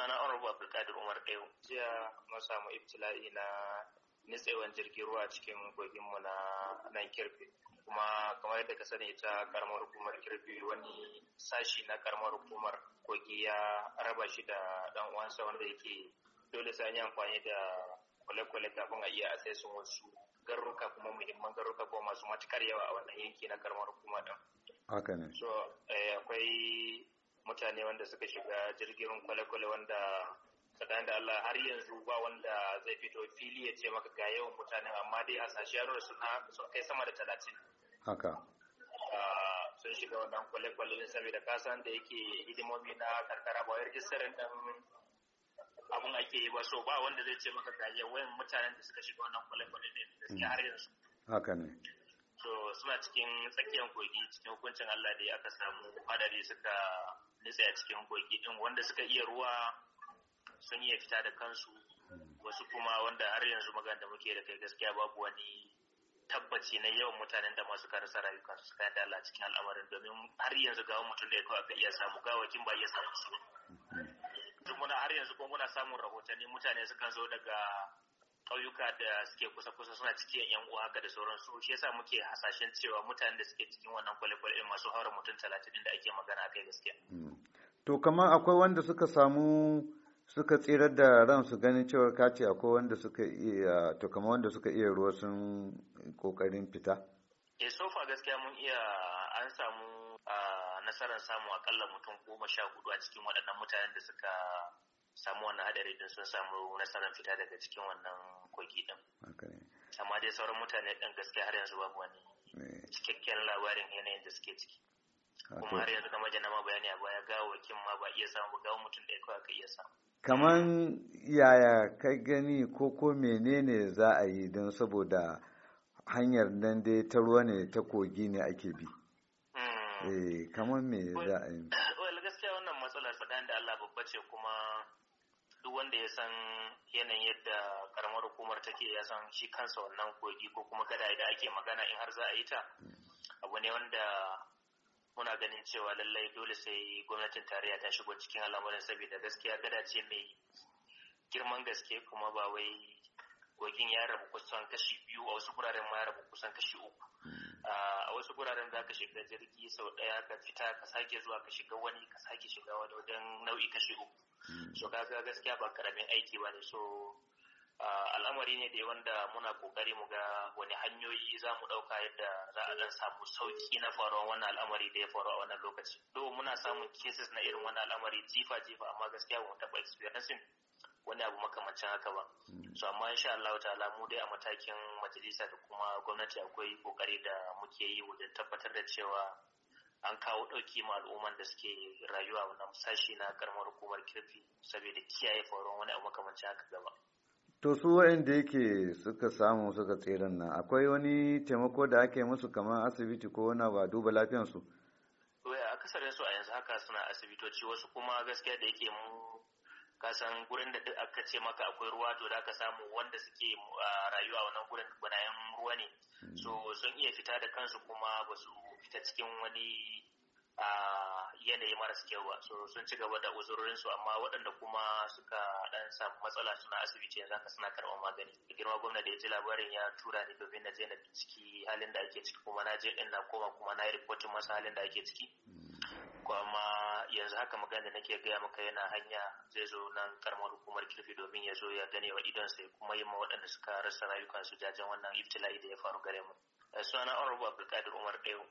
Suna Honorable Abdulkadir Umar Dayo. Jiya mun samu ibtila'i na nitsewan jirgin ruwa cikin mu na nan kirfi. Kuma kamar yadda ka sani ita karamar hukumar kirfi wani sashi na karamar hukumar kogi ya raba shi da dan uwansa wanda yake dole sai an yi amfani da kwale-kwale kafin a iya sun wasu garuruka kuma muhimman garuruka ko masu matukar yawa a wannan yanki na karamar hukumar din. Haka ne. So eh, akwai mutane wanda suka shiga jirgin kwale-kwale wanda kadan da Allah har yanzu ba wanda zai fito fili ya ce maka ga yawan mutanen amma dai a sashiyar suna sun kai sama da talatin. Haka. Ah, sun shiga wannan kwale-kwale ne saboda kasan da yake hidimomi na karkara ba kisarin dan abun ake yi ba so ba wanda zai ce maka ga yawan mutanen da suka shiga wannan kwale-kwale ne gaskiya har yanzu. Haka ne. so suna cikin tsakiyar kogi cikin hukuncin Allah da aka samu hadari suka nitsa a cikin kogi din wanda suka iya ruwa sun iya fita da kansu wasu kuma wanda har yanzu magan da muke da kai gaskiya babu wani tabbaci na yawan mutanen da masu karasa su suka yadda Allah cikin al'amarin domin har yanzu ga mutum da ya kawo aka iya samu gawakin ba iya samu su mm-hmm. muna har yanzu kuma muna samun rahotanni mutane sukan zo daga ƙauyuka da suke kusa-kusa suna cikin yan uwa haka da sauransu shi yasa muke hasashen cewa mutanen da suke cikin wannan kwale-kwale masu haura mutum talatin da ake magana akai gaskiya. Hmm. To kamar akwai wanda suka samu suka tsirar da ransu ganin cewar kace akwai wanda suka iya to kamar wanda suka iya ruwa sun kokarin fita. E far gaskiya mun iya an samu nasarar samu akalla mutum goma sha hudu a cikin waɗannan mutanen da suka samu wannan hadari din sun samu nasarar fita daga cikin wannan makoki din amma dai sauran mutane ɗin gaskiya har yanzu babu wani cikakken labarin yanayin da suke ciki kuma har yanzu kamar jana ma bayani a baya ga gawakin ma ba iya samu ga mutum da kawai ka iya samu kaman yaya kai gani ko ko menene za a yi don saboda hanyar nan dai ta ruwa ne ta kogi ne ake bi hmm. eh kaman me za a yi gaskiya wannan matsalar faɗan da Allah babba ce kuma duk wanda ya san yanayin yadda karamar hukumar take ya san shi kansa wannan kogi ko kuma gada da ake magana in har za a yi ta abu ne wanda muna ganin cewa lallai dole sai gwamnatin tarayya ta shigo cikin al'amarin saboda gaskiya gada ce mai girman gaske kuma ba wai kogin ya rabu kusan kashi biyu a wasu guraren ma ya rabu kusan kashi uku hmm. ah, a wasu guraren za ka shiga jirgi sau ɗaya ka fita ka sake zuwa ka shiga wani ka sake shiga wani wajen nau'i kashi uku hmm. so ga gaskiya ba karamin aiki ba ne so al'amari ne da wanda muna kokari mu ga wani hanyoyi za mu ɗauka yadda za a dan samu sauki na faruwar wannan al'amari da ya faru a wannan lokaci do muna samun cases na irin wannan al'amari jifa jifa amma gaskiya ba mu taba experiencing wani abu makamancin haka ba mm. so amma insha Allah ta'ala mu dai a matakin majalisa da kuma gwamnati akwai kokari da muke yi wajen tabbatar da cewa an kawo ɗauki ma al'umman da suke rayuwa wannan sashi na karamar hukumar kirfi saboda kiyaye faruwar wani abu makamancin haka gaba to su wa'anda yake suka samu suka tseren nan akwai wani taimako da ake musu kamar asibiti ko wani ba duba lafiyansu akasarin su a yanzu haka suna asibitoci wasu kuma gaskiya da yake mu ka san gurin da duk aka ce maka akwai ruwa to da ka samu wanda suke rayuwa wannan gurin gwanayen ruwa ne hmm. so sun iya fita da kansu kuma ba su fita cikin wani yanayi maras kyau ba so sun ci gaba da uzurorinsu amma waɗanda kuma suka dan samu matsala suna asibiti yanzu haka suna karɓar magani girma gwamna da ya ji labarin ya tura ni domin na je na ciki halin da ake ciki kuma na je ɗin na koma kuma na yi rikotin masa halin da ake ciki hmm. kuma yanzu haka magana da nake gaya maka yana hanya zai zo nan karamar hukumar kirfi domin ya zo ya gane wa idon sai kuma yi ma waɗanda suka rasa rayukansu jajen wannan iftila'i da ya faru gare mu eh, sunana honorable abdulkadir umar ɗayo